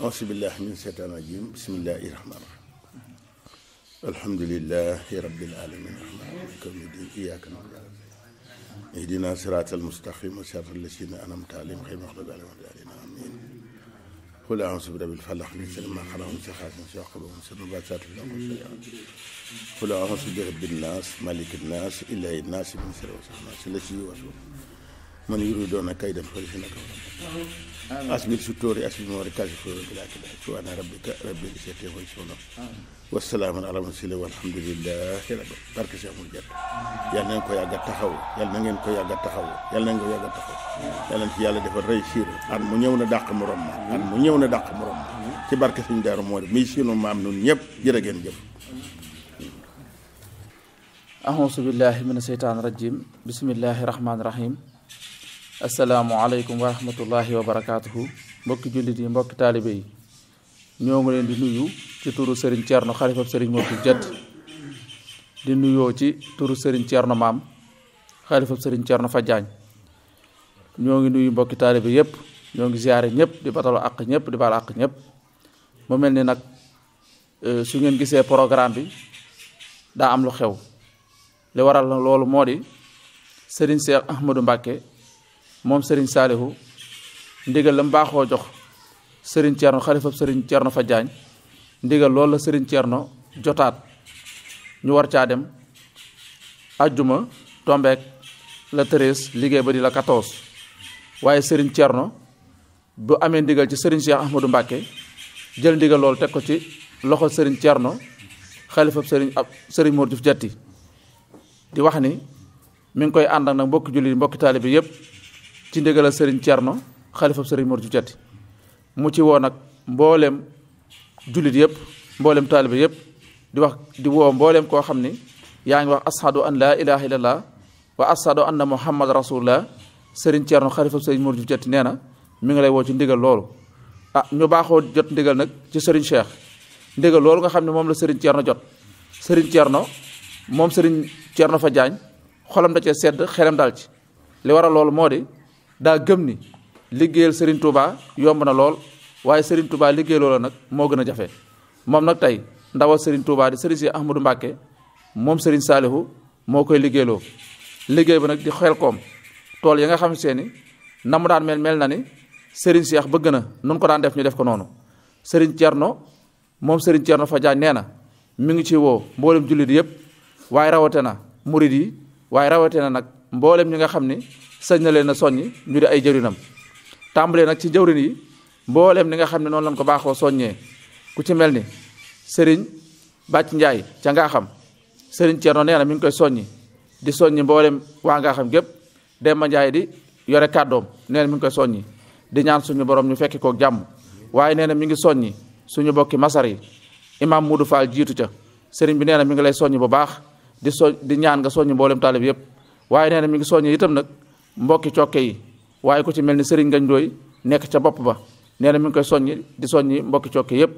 أعوذ بالله من الشيطان الرجيم بسم الله الرحمن الرحيم الحمد لله رب العالمين الرحمن الرحيم إياك نعبد اهدنا صراط المستقيم وصراط الذين أنعمت عليهم غير المغضوب عليهم ولا الضالين آمين قل أعوذ برب الفلق من شر ما خلق من شر حاسد شر قلوب من شر نباتات الأرض والشياطين قل أعوذ برب الناس ملك الناس إله الناس من شر وسوسة الناس التي يوسوس man yuriduuna kaydan falyuhlikuhum asbir sutuuri asbir moori kaashifuuna bilaa kibaa subhaana rabbika rabbil izzati ammaa yasifuun wa salaamun alal mursaliin walhamdulillaahi rabbil aalamiin barke Cheikh Amadou Diatta yal na ngeen ko yàgg a taxaw yal na ngeen ko yàgg a taxaw yal na ngeen ko yàgg a taxaw yal na ci yàlla defal rëy siir at mu ñëw na dàq morom ma at mu ñëw na dàq morom ma ci barke suñu daaru moori muy sinu maam nun ñëpp jërë ngeen jëf ahusu billahi mina seytaan rajim bismillahi rahmaani rahim asalaamualeykum wa rahmatullahi wa barakaatuhu mbokki jullit yi mbokki taalibe yi ñoo ngi leen di nuyu ci turu Serigne Thierno xalifab Serigne Modou Diat di nuyoo ci turu Serigne Thierno maam xalifab Serigne Thierno Fadiagne ñoo ngi nuyu mbokki taalibe yépp ñoo ngi ziare ñëpp di batalu àq ñëpp di baal àq ñëpp mu mel ni nag euh, su ngeen gisee programme bi daa am lu xew li waral loolu moo di sëriñ Cheikh Ahmadou Mbacke moom sëriñ saalihu ndigal la mu baaxoo jox sëriñ Thierno xalifab sëriñ Thierno fa jaañ ndigal loolu la sëriñ Thierno jotaat ñu war caa dem ajjuma tombeek la treize liggéey ba di la quatorze waaye sëriñ Thierno bu amee ndigal ci sëriñ Cheikh Ahmadou Mbacke jël ndigal lool teg ko ci loxo sëriñ Thierno xalifab sëriñ ab sëriñ Mor Diouf di wax ni mi ngi koy ànd ak nag mbokki jullit mbokki taalibe yépp ci ndigalal sëriñ Cerno xalifab sëriñ Mor ju Jatti mu ci woo nag mbooleem jullit yëpp mbooleem taalibe yëpp di wax di woo mbooleem koo xam ni yaa ngi wax ashadu an laa ilaha illallah wa ashadu anna muhammad rasulullah sëriñ Cerno xalifab sëriñ Mor ju Jatti nee na mi ngi lay woo ci ndigal loolu ah ñu baaxoo jot ndigal nag ci sëriñ Cheikh ndigal loolu nga xam ne moom la sëriñ Cerno jot sëriñ Cerno moom sëriñ Cerno fa jaañ xolam da cee sedd xelam dal ci li loolu moo di daa gëm ni liggéeyal Serigne Touba yomb na lool waaye Serigne Touba liggéey loola nag moo gën a jafe moom nag tey ndawal sëriñ Touba di Serigne si Ahmadou Mbacke moom Serigne Salihu moo koy liggéeyloo liggéey ba nag di xel koom tool yi nga xam see ni na mu daan mel mel na ni Serigne Cheikh bëgg na nun ko daan def ñu def ko noonu Serigne no moom Serigne Thierno Fadiane nee na mu ngi ci woo mboolem jullit yëpp waaye rawate na murid yi waaye rawate na nag mboolem ñi nga xam ni. sañ na leen a soññi ñu di ay jëwrinam tàmbalee nag ci jëwrin yi mbooleem ni nga xam ne noonu lañ ko baaxoo soññee ku ci mel ni sëriñ bàcc njaay ca ngaa xam sëriñ Ceerno nee na mi ngi koy soññi di soññi mbooleem waa ngaa xam gépp Demba Njaay di yore kàddoom nee mi ngi koy soññi di ñaan suñu borom ñu fekki kook jàmm waaye nee na mi ngi soññi suñu bokki masar yi imaam Modou Fall jiitu ca sëriñ bi nee na mi ngi lay soññi bu baax di soñ di ñaan nga soññi mboolem taalib yëpp waaye nee na ngi soññi itam nag mbokki cokke yi waaye ku ci mel ni sëriñ ngañ dooy nekk ca bopp ba nee na mi ngi koy soññi di soññi mbokki cokke yëpp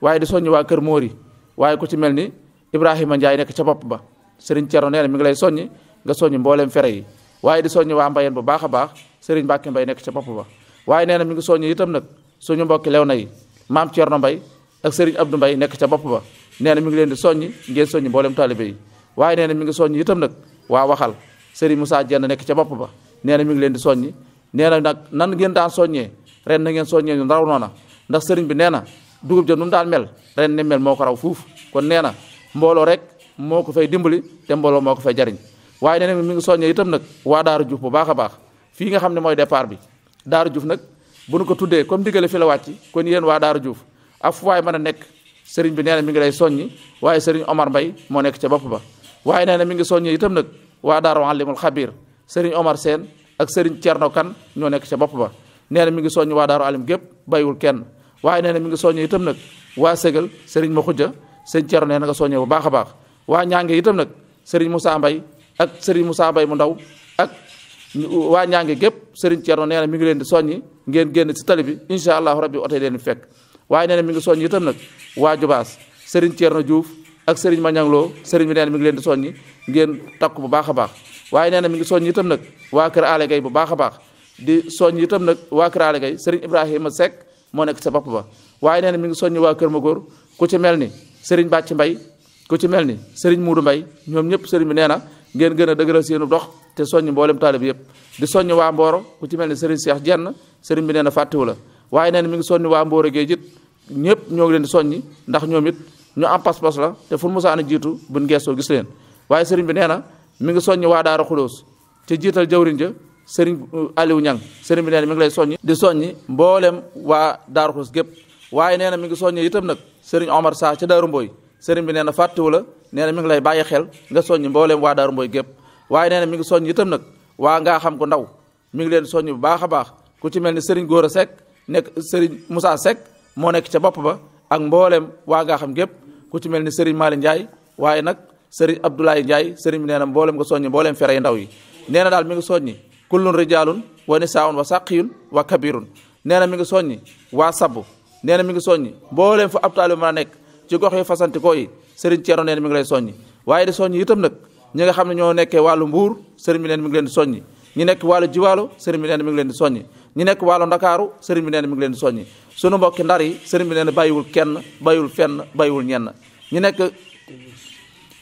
waaye di soññi waa kër Mori waaye ku ci mel ni Ibrahima Ndiaye nekk ca bopp ba sëriñ Thierno nee na mi ngi lay soññi nga soññi mbooleem fere yi waaye di soññi waa mbayeen bu baax a baax sëriñ Mbacke mbay nekk ca bopp ba waaye nee na mi ngi soññi itam nag suñu mbokki lew na yi maam Thierno Mbaye ak sëriñ Abdou Mbaye nekk ca bopp ba nee na mi ngi leen di soññi ngeen soññi mbooleem taalibe yi waaye nee na mi ngi soññi itam nag waa waxal sëriñ Moussa Dieng nekk ca bopp ba nee na mi ngi leen di soññi nee na nag nan ngeen daan soññee ren na ngeen soññee ñu raw noona ndax sëriñ bi nee na dugub ja nu mu daan mel ren moo ko raw fuuf kon nee na mbooloo rek moo ko fay dimbali te mbooloo moo ko fay jariñ waaye nee na mi ngi soññee itam nag waa Daaru Juuf bu baax a baax fii nga xam ne mooy départ bi Daaru Juuf nag bu nu ko tuddee comme digale fi la wàcc kon yéen waa Daaru Juuf af waay mën a nekk sëriñ bi nee mi ngi lay soññi waaye sëriñ Omar Mbay moo nekk ca bopp ba waaye nee na mi ngi soññi itam nag waa Daaru Alimul Xabir sëriñ Omar Seen ak sëriñ Cerno Kan ñoo nekk ca bopp ba nee na mi ngi soññ waa daaru alim gépp bàyyiwul kenn waaye nee na mi ngi soññe itam nag waa ségal sëriñ ma xujja sëriñ Cerno nee na nga bu baax a baax waa ñaange itam nag sëriñ Moussa Mbay ak sëriñ Moussa Mbay mu ndaw ak waa ñaange gépp sëriñ Cerno nee na mi ngi leen di soññi ngeen génn ci tali bi incha allahu rabbi oto leen nu fekk waaye nee na mi ngi soññ itam nag waa Jubaas sëriñ Cerno Diouf ak sëriñ Mañangloo sëriñ bi nee na mi ngi leen di soññi ngeen takk bu baax a baax waaye nee na mi ngi soññ itam nag waa kër Allé Gueye bu baax a baax di soññ itam nag waa kër Allé Gueye Serigne Ibrahima Seck moo nekk sa bopp ba waaye nee na mi ngi soññ waa kër Magor ku ci mel ni Serigne Bàcc Mbay ku ci mel ni Serigne Muudu Mbay ñoom ñëpp sëriñ bi nee na ngeen gën a dëgëral seenu dox te soññ mboolem taalib yëpp di soññ waa mbooro ku ci mel ni Serigne Cheikh Jenn Serigne bi neena na la waaye nee na mi ngi soññ waa Mboro Géej it ñëpp ñoo ngi leen di soññ ndax ñoom it ñu am pas-pas la te fu mu mosaan jiitu buñ geestoo gis leen waaye Serigne bi nee na mi ngi soññ waa daara xulóos ci jiital jawrin ja sëriñ euh, Aliou Niang sëriñ bi nee na ngi lay soññ di soññ mboolem waa daara xulóos gépp waaye nee na mi ngi soññ itam nag sëriñ Omar Sa ca Daaru Mbooy sëriñ bi nee na fàttewu nee na mi ngi lay bàyyi xel nga soññ mboolem waa Daaru Mbooy gépp waaye nee na mi ngi soññ itam nag waa ngaa xam ko ndaw mi ngi leen soññ bu baax a baax ku ci mel ni sëriñ a sekk nekk sëriñ Moussa Seck moo nekk ca bopp ba ak mboolem waa nga xam gépp ku ci mel ni sëriñ Malick Ndiaye waaye nag sëriñ Abdoulaye Ndiaye sëriñ bi nee na mboolem nga soññi mboolem fere ndaw yi nee na daal mi ngi soññi kullun rijaalun wa nisaun wa saqiyun wa kabirun nee na mi ngi soññi waa sabu nee na mi ngi soññi mboolem fu ab taalibe mën a nekk ci gox yi fasantikoo yi sëriñ Thierno nee mi ngi lay soññi waaye di soññi itam nag ñi nga xam ne ñoo nekkee wàllu mbuur sëriñ bi nee ngi leen di soññi ñi nekk wàllu jiwaalo sëriñ bi nee na mi ngi leen di soññi ñi nekk waalo ndakaaru sëriñ bi nee na mi ngi leen di soññi sunu mbokki ndar yi sëriñ bi nee na bàyyiwul kenn bàyyiwul fenn bàyyiwul ñenn ñi nekk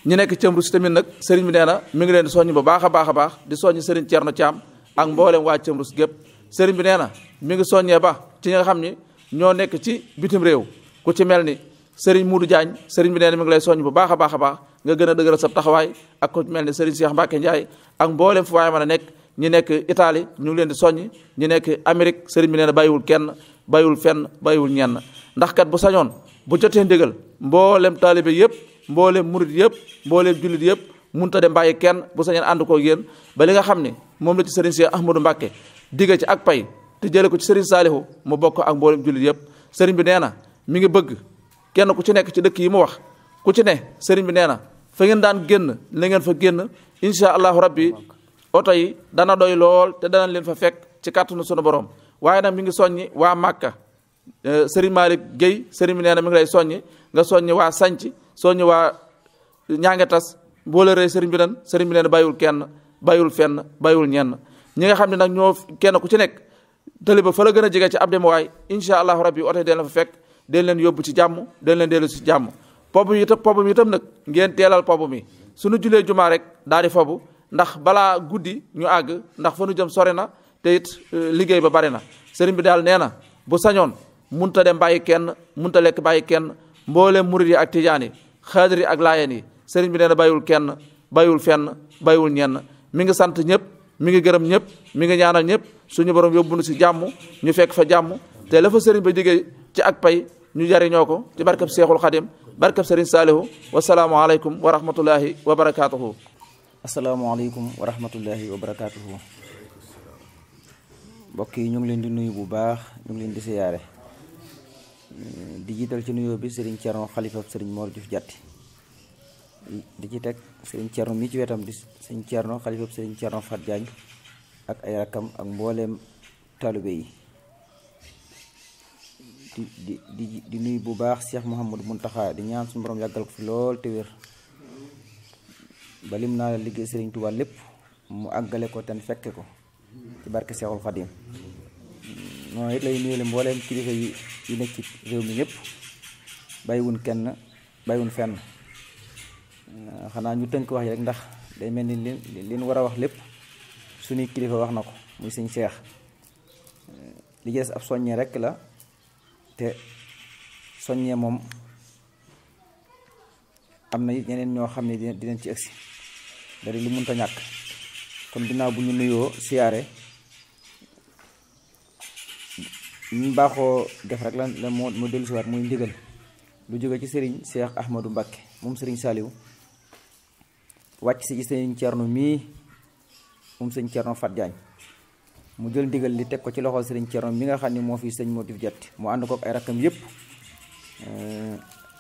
ñu nekk cëmru si tamit nag sëriñ bi nee na mi ngi leen di soññ bu baax a baax a baax di soññ sëriñ Thierno Thiam ak mboolem waa cëmru si gépp sëriñ bi nee na mi ngi soññee ba ci nga xam ni ñoo nekk ci bitim réew ku ci mel ni sëriñ Muudu Jaañ sëriñ bi nee mu ngi lay soññ bu baaxa a baax a baax nga gën a dëgëral sa taxawaay ak ku mel ni sëriñ Cheikh Mbacke Ndiaye ak mboolem fu waaye mën a nekk ñi nekk itaali ñu ngi leen di soññ ñi nekk Amérique sëriñ bi nee na kenn bàyyiwul fenn bàyyiwul ñenn ndax bu sañoon bu jotee ndigal mboolem taalibe yépp mbooleem murit yëpp mbooleem jullit yëpp munta dem bàyyi kenn bu sañeen ànd ko yéen ba li nga xam ne moom la ci sëriñ Cheikh Ahmadou Mbacke digge ci ak pay te jële ko ci sëriñ Saalihu mu bokk ak mbooleem jullit yëpp sëriñ bi nee na mi ngi bëgg kenn ku ci nekk ci dëkk yi mu wax ku ci ne sëriñ bi nee na fa ngeen daan génn la ngeen fa génn incha allahu rabbi oto yi dana doy lool te danañ leen fa fekk ci kàttanu sunu borom waaye nag mi ngi soññi waa Màkka eh, sëriñ Malick Guèye sëriñ bi na mi ngi lay soññi nga soññi waa Sanc soo ñëwaa ñaa ngi tas boo la rëy sëriñ bi leen sëriñ bi leen bayul kenn bayul fenn bàyyiwul ñenn ñi nga xam ne nag ñoo kenn ku ci nekk taliba fa la gën a jege ci ab demuwaay incha allahu rabbi oto yi den la fa fekk den leen yóbbu ci jàmm den leen dellu ci jàmm pobu yi itam pobu mi itam nag ngeen teelal pobu mi suñu julee jumaa rek daal di fobu ndax balaa guddi ñu àgg ndax fa nu jëm sori na te it e, liggéey ba bari na sëriñ bi daal nee na bu sañoon munta dem bàyyi kenn munta lekk bàyyi kenn mboole murid yi ak tijaan yi xaadir yi ak laayeen yi sëriñ bi nee na bàyyiwul kenn bàyyiwul fenn bàyyiwul ñenn mi ngi sant ñëpp mi ngi gërëm ñëpp mi ngi ñaanal ñëpp suñu borom yóbbu nu si jàmm ñu fekk fa jàmm te la fa sëriñ ba digee ci ak pay ñu jariñoo ko ci barkab seexul xadim barkab sëriñ saalihu wasalaamu aleykum wa rahmatullahi wa barakaatuhu asalaamaaleykum wa rahmatullahi wa barakaatuhu mbokk yi ñu ngi leen di nuyu bu baax ñu ngi leen di siyaare di jiital ci nuyoo bi sëriñ Thierno xalifab sëriñ Mor Diouf Diatty di ci teg sëriñ Thierno mii ci wetam di sëriñ Thierno xalifab sëriñ Thierno Fat Diagne ak ay rakkam ak mbooleem taalibe yi di di di di nuyu bu baax seex Cheikh Mouhamadou Mountakha di ñaan su borom yàggal ko fi lool te wér balim naa la liggéey sëriñ Touba lépp mu àggale ko ten fekke ko ci barke Seexul Xadim noonu it lay nuyu mbooleem kilifa yi yi nekk ci réew mi ñëpp bàyyiwun kenn bàyyiwun fenn euh, xanaa ñu tënk wax yi rek ndax day mel ni li liñ war a wax lépp suñuy kilifa wax na ko muy sëñ Cheikh euh, li des ab soññee rek la te soññee moom am na ñeneen ñoo xam ne dinañ ci agsi dari lu munta ñàkk kon ginnaaw bu ñu nuyoo siyaare ñu baaxoo def rek lan moo mu dellu siwaat muy ndigal lu jóge ci sëriñ Cheikh Ahmadou Mbakke moom sëriñ Saliou wàcc si ci sëriñ Cerno mii moom sëriñ Cerno Fat Jaañ mu jël ndigal li teg ko ci loxo sëriñ Cerno mi nga xam ne moo fi sëñ Modou jat mu ànd ko ak ay rakkam yépp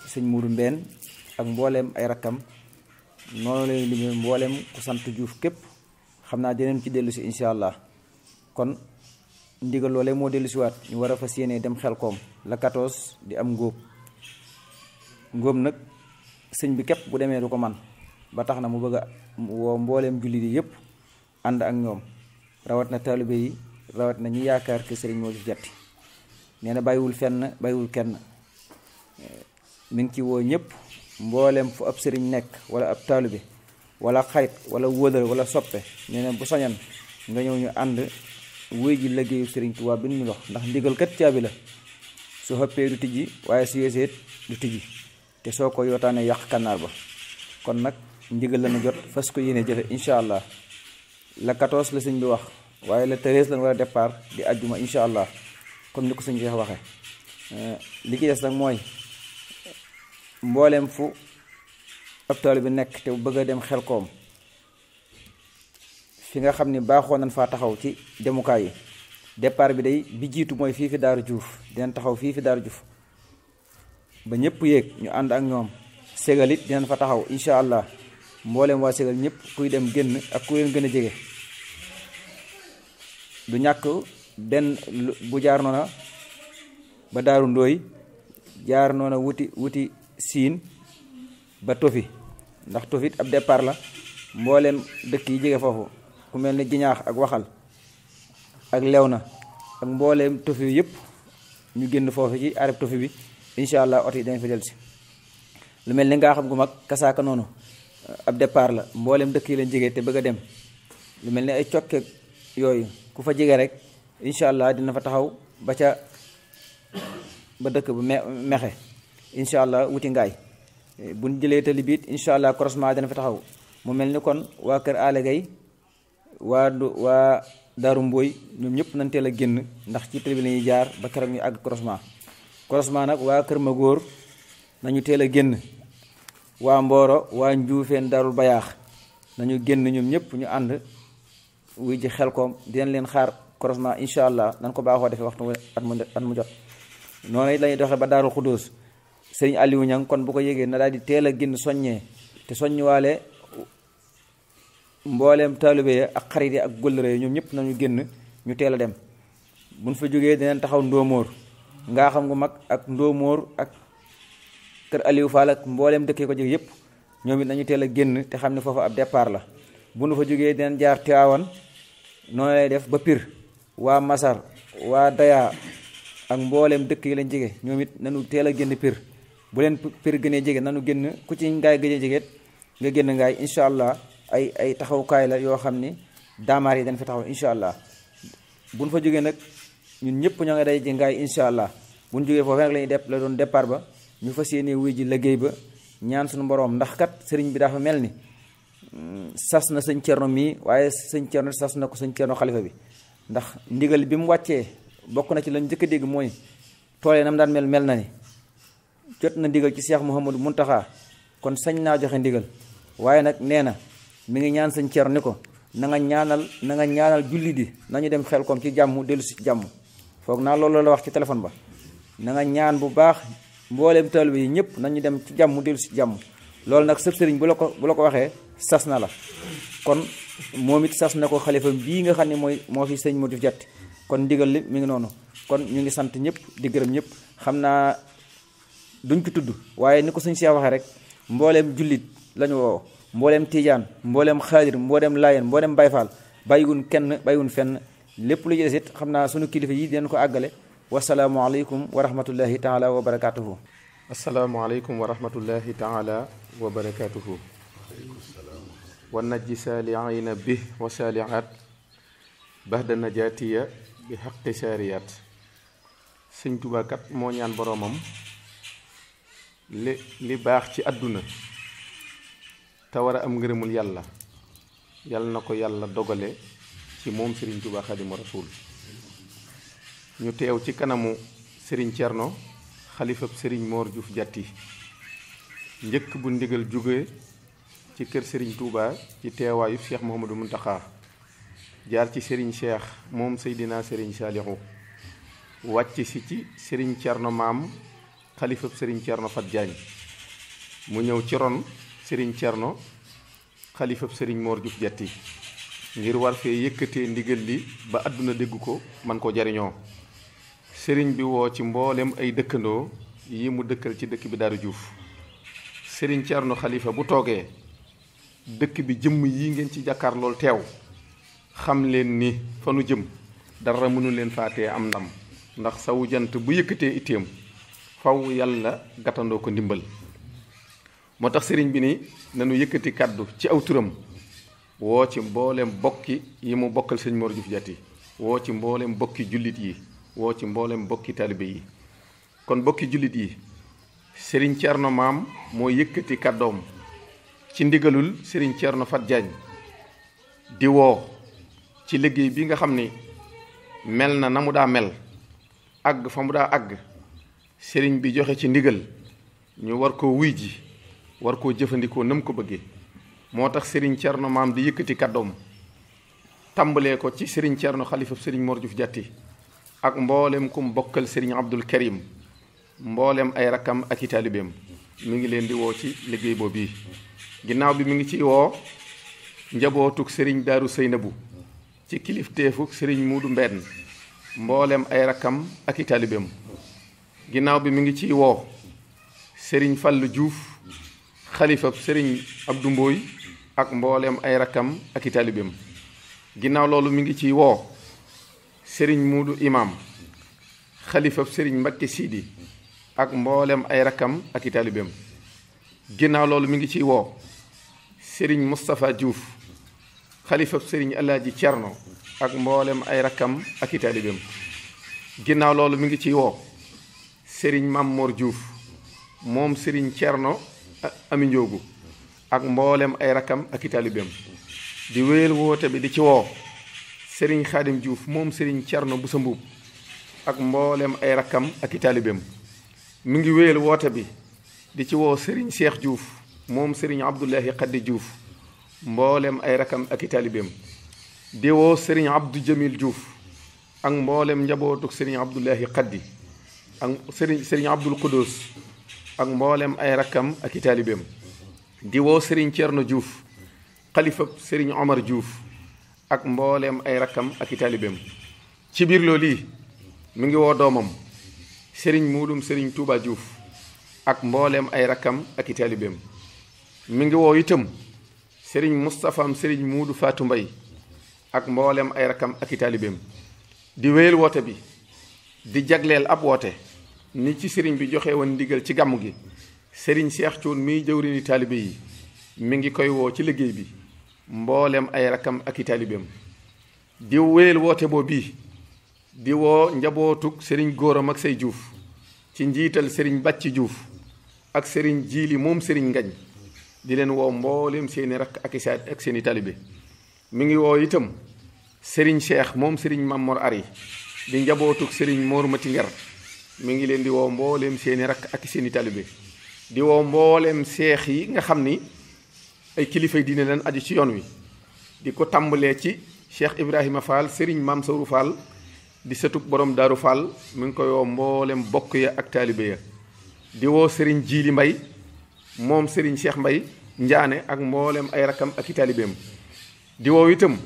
sëñ Modou Mbène ak mbooleem ay rakkam noonu lañu limee mbooleem ku sant Juuf képp xam naa dinañ ci dellu si incha allah kon ndigal loolee moo dellu siwaat ñu war a fas yéenee dem xel koom la 14 di am ngóob ngóob nag sëñ bi képp bu demee du ko man ba tax na mu bëgg a woo mbooleem jullit yi yëpp ànd ak ñoom rawat na taalibe yi rawat na ñu yaakaar ke sëriñ moo ci jatti nee na bàyyiwul fenn bàyyiwul kenn mi ngi ci woo ñëpp mbooleem fu ab sëriñ nekk wala ab taalibe wala xarit wala wóolal wala soppe nee bu soñan nga ñëw ñu ànd wuy ji liggéeyu Sëriñ Tuubaa bi ñu wax ndax ndigal kat caabi la su xëppee du tijji waaye su yeeseet du tijji te soo ko yootaanee yàq kànnaar ba kon nag ndigal la ñu jot fas ko yéene jëfe incha allah la 14 la sëñ bi wax waaye la 13 la war a départ di àjjuma incha allah kon ni ko sëñ Cheikh waxee eh, li ci des nag mooy mbooleem fu ab taalibe bi nekk te bëgg a dem xel koom fi nga xam ni baaxoo nañ faa taxaw ci demukaay yi départ bi dey bi jiitu mooy fii fi daaru juuf dinañ taxaw fii fi daaru juuf ba ñëpp yéeg ñu ànd ak ñoom ségal it fa taxaw incha allah mboolem waa ségal ñëpp kuy dem génn ak ku leen gën a jege du ñàkk benn bu jaar noona ba daaru ndóoy jaar noona wuti wuti siin ba tofi ndax tofit ab départ la mboolem dëkk yi jege foofu ku mel ni giñaax ak waxal ak lew na ak mbooleem tofi yëpp ñu génn foofu ci arab tofi bi incha allah ot yi dañ fa jël si lu mel ni ngaa xam gu mag kasaaka noonu ab départ la mbooleem dëkk yi leen jege te bëgg a dem lu mel ni ay cokkeeg yooyu ku fa jege rek incha allah dina fa taxaw ba ca ba dëkk bu me mexe incha allah wuti bu buñ jëlee tali biit incha allah croisement dina fa taxaw mu mel ni kon waa kër Alla Gaye waa du waa Daaru Mbooy ñoom ñëpp nañ teel a génn ndax ci télé bi la jaar ba keroog ñu àgg croisement croisement nag waa Kër ma góor nañu teel a génn waa Mboro waa Njuufeen Daarul Bayaax nañu génn ñoom ñëpp ñu ànd wuy ji xel Xelkom dinañ leen xaar croisement incha allah nañ ko baaxoo defee waxtu at mu at mu jot noonu la ñuy doxee ba Daarul Xudóos Sëriñ Aliou kon bu ko yégee na daal di teel a génn soññee te soññuwaale mbooleem taalibe ya ak xarit ya ak góllëre ya ñoom ñëpp nañu génn ñu teel a dem buñ fa jógee dinañ taxaw ndóomóor ngaa xam ngu mag ak ndóomóor ak kër Aliou Fall mbooleem dëkkee ko jóge yëpp ñoom it nañu teel a génn te xam ne foofa ab départ la bu nu fa jógee dinañ jaar Tiwaawan noonu def ba Pire waa Masar waa Daya ak mbooleem dëkk yi lañ jege ñoom it nañu teel a génn piir bu leen Pire gënee jege nañu génn ku ci ngaay gëj a jegeet nga génn ngaay incha allah ay ay taxawukaay la yoo xam ni daamaar yi dañ fi taxaw incha allah buñ fa jógee nag ñun ñëpp ñoo ngi day ji ngaay incha allah buñ jógee foofu nag la ñuy def la doon départ ba ñu fas yéene wuy ji liggéey ba ñaan suñu boroom ndax kat sëriñ bi dafa mel ni sas na sëñ cerno mii waaye sëñ cerno sas na ko sëñ cerno xalifa bi ndax ndigal bi mu wàccee bokk na ci lañ njëkk a dégg mooy toolee nam daan mel mel na ni jot na ndigal ci seex Muhammadu Muntaxa kon sañ naa joxe ndigal waaye nag nee na mi ngi ñaan sëñ Thierno ni ko na nga ñaanal na nga ñaanal julli yi nañu dem xel koom ci jàmm dellu si jàmm foog naa loolu la wax ci téléphone ba na nga ñaan bu baax mbooleem taalibe yi ñëpp nañu dem ci jàmm dellu si jàmm loolu nag sëb sëriñ bu la ko bu la ko waxee sas na la kon moom it sas na ko xalifa bii nga xam ne mooy moo fi sëñ Modou Diatte kon ndigal li mi ngi noonu kon ñu ngi sant ñëpp di gërëm ñëpp xam naa duñ ko tudd waaye ni ko sëñ Cheikh waxee rek mbooleem jullit lañu woo mboolem Tijaan mboolem Xaadir mboolem Layen mboolem Bayfaal bàyyiwun kenn bàyyiwun fenn lépp lu ci des xam naa sunu kilifa yi dinañ ko àggale wasalaamualeykum wa rahmatullahi taala wa barakaatuhu. asalaamualeykum wa rahmatullahi taala wa barakaatuhu. wa najji saaliina bi wa saaliaat baxda najaatiya bi xaqi saariyaat sëñ tubaakat moo ñaan boroomam li li baax ci àdduna te war a am ngërëmul yàlla yàlla na ko yàlla dogale ci moom Serigne Touba Khadimou Rasoul ñu teew ci kanamu Serigne Thierno xalifab Serigne Mor Diouf njëkk bu ndigal jóge ci kër sëriñ Touba ci teewaayu Cheikh Mouhamadou Mountakha jaar ci sëriñ Cheikh moom Seydina Serigne Saliou wàcc si ci Serigne Thierno maam xalifab Serigne Thierno Fat mu ñëw ci ron. sëriñ Cerno xalifab sëriñ Mor ngir war yëkkatee ndigal li ba àdduna dégg ko man ko jariñoo sëriñ bi woo ci mboolem ay dëkkandoo yi mu dëkkal ci dëkk bi Daaru Diouf sëriñ xalifa bu toogee dëkk bi jëmm yi ngeen ci jàkkaar teew xam leen ni fa nu jëm dara mënu leen faatee am ndam ndax sawu jant bu yëkkatee itteem faw yàlla gàttandoo ko ndimbal moo tax sëriñ bi nii nanu yëkkati kàddu ci aw turam woo ci mboolem bokki yi mu bokkal sëñ Mor Diouf woo ci mboolem bokki jullit yi woo ci mboolem bokki taalibe yi kon bokki jullit yi sëriñ no maam moo yëkkati kàddoom ci ndigalul sëriñ Thierno Fat Diagne di woo ci liggéey bi nga xam ni mel na na mu daa mel àgg fa mu daa àgg sëriñ bi joxe ci ndigal ñu war ko wuy ji war koo jëfandikoo nam ko bëggee moo tax Serigne Thierno maam di yëkkati kàddoom tàmbalee ko ci Serigne Thierno xalifab Serigne Mor Diouf Diatty ak mboolem kum bokkal Serigne Abdul Karim mboolem ay rakkam ak i taalibeem mi ngi leen di woo ci liggéey boobu yi ginnaaw bi mi ngi ciy woo njabootug daaru Darou Seynabou ci kilifteefug mu Muudu Mbenn mboolem ay rakkam ak i taalibeem ginnaaw bi mi ngi ciy woo Serigne Fallou Diouf. xalifa sëriñ Abdou Mbooy ak mbooleem ay rakkam ak taalibeem ginnaaw loolu mi ngi ci woo sëriñ muudu imaam xalifab sëriñ Mbakke ak mbooleem ay rakkam ak i ginnaaw loolu mi ngi ciy woo sëriñ Moustapha Diouf xalifa sëriñ Alaaji Cerno ak mboolem ay rakkam ak taalibeem ginnaaw loolu mi ngi ciy woo sëriñ Mamoor Diouf moom sëriñ Cerno ami njoogu ak mboolem ay rakam ak di wéyal woote bi di ci woo sëriñ xaadim Diouf moom sëriñ Thierno Boussa Mbuub ak mboolem ay rakkam ak i taalibeem ngi wéyal woote bi di ci woo sëriñ Cheikh Diouf moom sëriñ Abdoulahi Khadi mboolem ay rakam ak i di woo sëriñ Abdou Jamil Diouf ak mboolem njabootuk sëriñ Abdoulahi Khadi ak sëriñ sëriñ Abdoul Quddous ak mboolem ay rakkam ak i taalibeem di woo sëriñ Thierno Diouf xalifa sëriñ Omar Diouf ak mbooleem ay rakkam ak taalibeem ci biir loolu yi mi ngi woo doomam sëriñ muudum sëriñ Touba Diouf ak mbooleem ay rakkam ak taalibeem mi ngi woo itam sëriñ Moustaphaam sëriñ muudu Fatou mbay ak mbooleem ay rakkam ak i taalibeem di wéyal woote bi di jagleel ab woote ni ci sëriñ bi joxe woon ndigal ci gàmm gi sëriñ Cheikh Thioune miy jëwriñu taalibe yi mi ngi koy woo ci liggéey bi mbooleem ay rakkam ak i taalibeem di wéyal woote boo bii di woo njabootug sëriñ góoram ak say juuf ci njiital sëriñ bàcci juuf ak sëriñ jiili moom sëriñ ngañ di leen woo mbooleem seeni rakk ak i ak seeni taalibe mi ngi woo itam sëriñ Cheikh moom sëriñ Mamor Ari di njabootug sëriñ Mor Mati Ngar mi ngi leen di woo mbooleem seeni rakk ak seeni talibe di woo mbooleem seex yi nga xam ni ay kilifay diine leen aju ci yoon wi di ko tàmbalee ci Cheikh Ibrahima Fall sëriñ Maam Sawru Fall di sëtug boroom Daaru Fall mi ngi koy woo mbooleem bokk ya ak taalibe ya di woo sëriñ Jiili Mbay moom sëriñ Cheikh Mbay Njaane ak mboolem ay rakkam ak i taalibeem di woo itam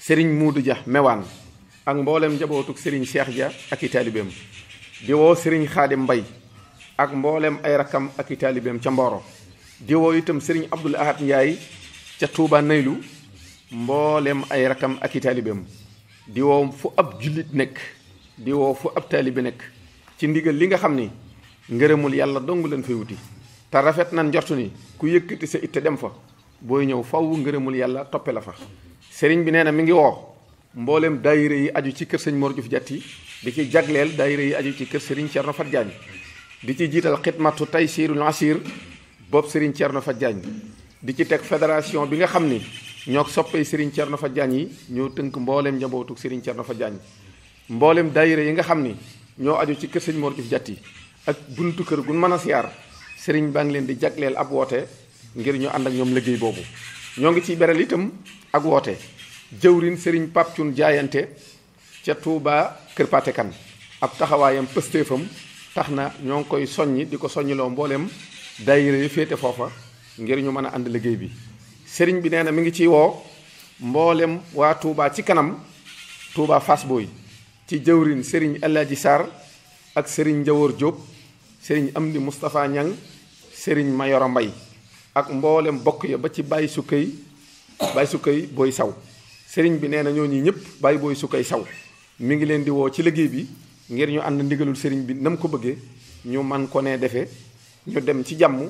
sëriñ Muudu Ja Mewaan ak mboolem njabootug Serigne Cheikh Ja ak i taalibeem diwoo woo sëriñ xaadim mbay ak mboolem ay rakkam ak i taalibeem ca mbooro diwoo itam sëriñ abdul ahad njaay ca tuuba naylu mbooleem ay rakkam ak i taalibeem di woo fu ab jullit nekk di woo fu ab taalibe nekk ci ndigal li nga xam ni ngërëmul yàlla dong leen fay wuti te rafet na njortu ni ku yëkkati sa it dem fa booy ñëw faw ngërëmul yàlla toppe la fa sëriñ bi nee na mi ngi woo mboolem daayira yi aju ci kër sëñ Mor Diouf Diatty di ci jagleel daayira yi aju ci kër Serigne Thierno Fat Diagne di ci jiital xidmatu taysirul asir bopp Serigne Thierno Fat Diagne di ci teg fédération bi nga xam ni ñoo soppee Serigne Thierno Fat Diagne yi ñoo tënk mboolem njabootu Serigne Thierno Fat Diagne mboolem daayira yi nga xam ni ñoo aju ci kër sëñ Mor Diouf Diatty ak buntu kër gu mën a siyaar Serigne baa ngi leen di jagleel ab woote ngir ñu ànd ak ñoom liggéey boobu ñoo ngi ciy beral itam ak woote. jëwrin sëriñ Pape Thioune jaayante ca Touba Kër ab taxawaayam pëstéefam tax na ñoo ngi koy soññi di ko soññiloo mbooleem daayira yi féete foofa ngir ñu mën a ànd liggéey bi sëriñ bi nee na mi ngi ciy woo mbooleem waa tuubaa ci kanam Touba fas booy ci jëwrin sëriñ El Hadji Sarr ak sëriñ Njawoor Diop sëriñ Amdi Moustapha Niang sëriñ Mayoro Mbay ak mboolem bokk ya ba ci bàyyi su këy bàyyi su këy booy saw sëriñ bi nee na ñooñu ñëpp bàyyi booy su koy saw mi ngi leen di woo ci liggéey bi ngir ñu ànd ndigalul sëriñ bi nam ko bëggee ñu man ko ne defee ñu dem ci jàmm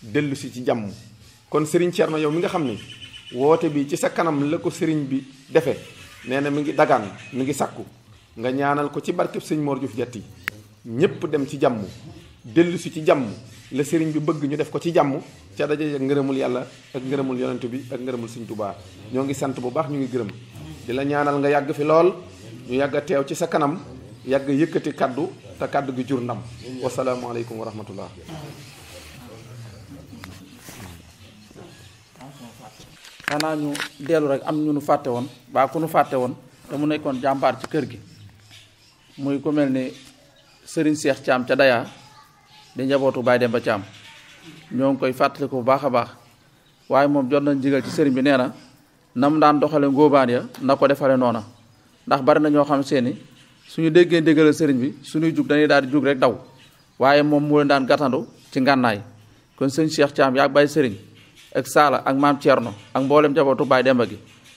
dellu si ci jàmm kon sëriñ na yow mi nga xam ne woote bi ci sa kanam la ko sëriñ bi defe nee na mi ngi dagaan mi ngi sakku nga ñaanal ko ci barkeb sëñ Mor Diouf Diatty ñëpp dem ci jàmm dellu ci jàmm la sëriñ bi bëgg ñu def ko ci jàmm ca daje ngërëmul yàlla ak ngërëmul yonent bi ak ngërëmul Sëriñ Tuubaa ñoo ngi sant bu baax ñu ngi gërëm di la ñaanal nga yàgg fi lool ñu yàgg teew ci sa kanam yàgg yëkkati kàddu te kàddu gi jur ndam wasalaamualeykum wa rahmatullah xanaa ñu dellu rek am ñu nu fàtte woon baa ku nu fàtte woon te mu nekkoon jàmbaar ci kër gi muy ko mel ni sëriñ Cheikh Thiam ca Daya di njabootu Baye Demba Thiam ñoo ngi koy fàttaliku bu baax a baax waaye moom jot nañ jigal ci sëriñ bi nee na mu daan doxale ngóobaan ya na ko defale noona ndax bari na ñoo xam seeni suñu déggee déggalal sëriñ bi suñuy jug dañuy daal di jug rek daw waaye moom mu daan gàttandu ci ngànnaay kon sëñ Cheikh Thiam yaag Baye sëriñ ak Saala ak maam Thierno ak mboolem njabootu Baye Demba gi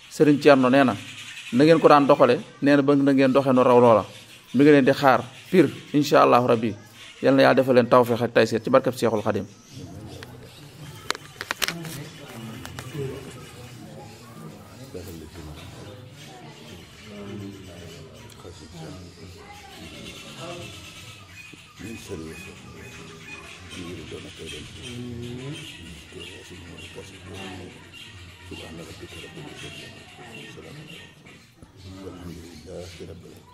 sëriñ Thierno nee na na ngeen ko daan doxale nee na bëgg na ngeen doxe no raw loola mi ngi leen di xaar pire incha allahu rabbi yal na yàlla defal leen tawfeex ak tayseer ci barkab Seexul Xadim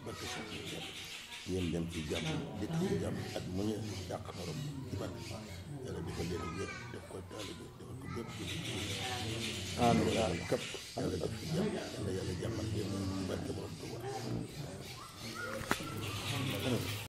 Gracias. ngeen dem ci jàmm dëkk ci jàmm at mu ne dàq morom ci barke yàlla defal leen yëpp def ko taalibe defal ko bépp ci amiin yàlla képp yàlla def ci jàmm yàlla yàlla jàmmal leen ci barke borom Tuubaa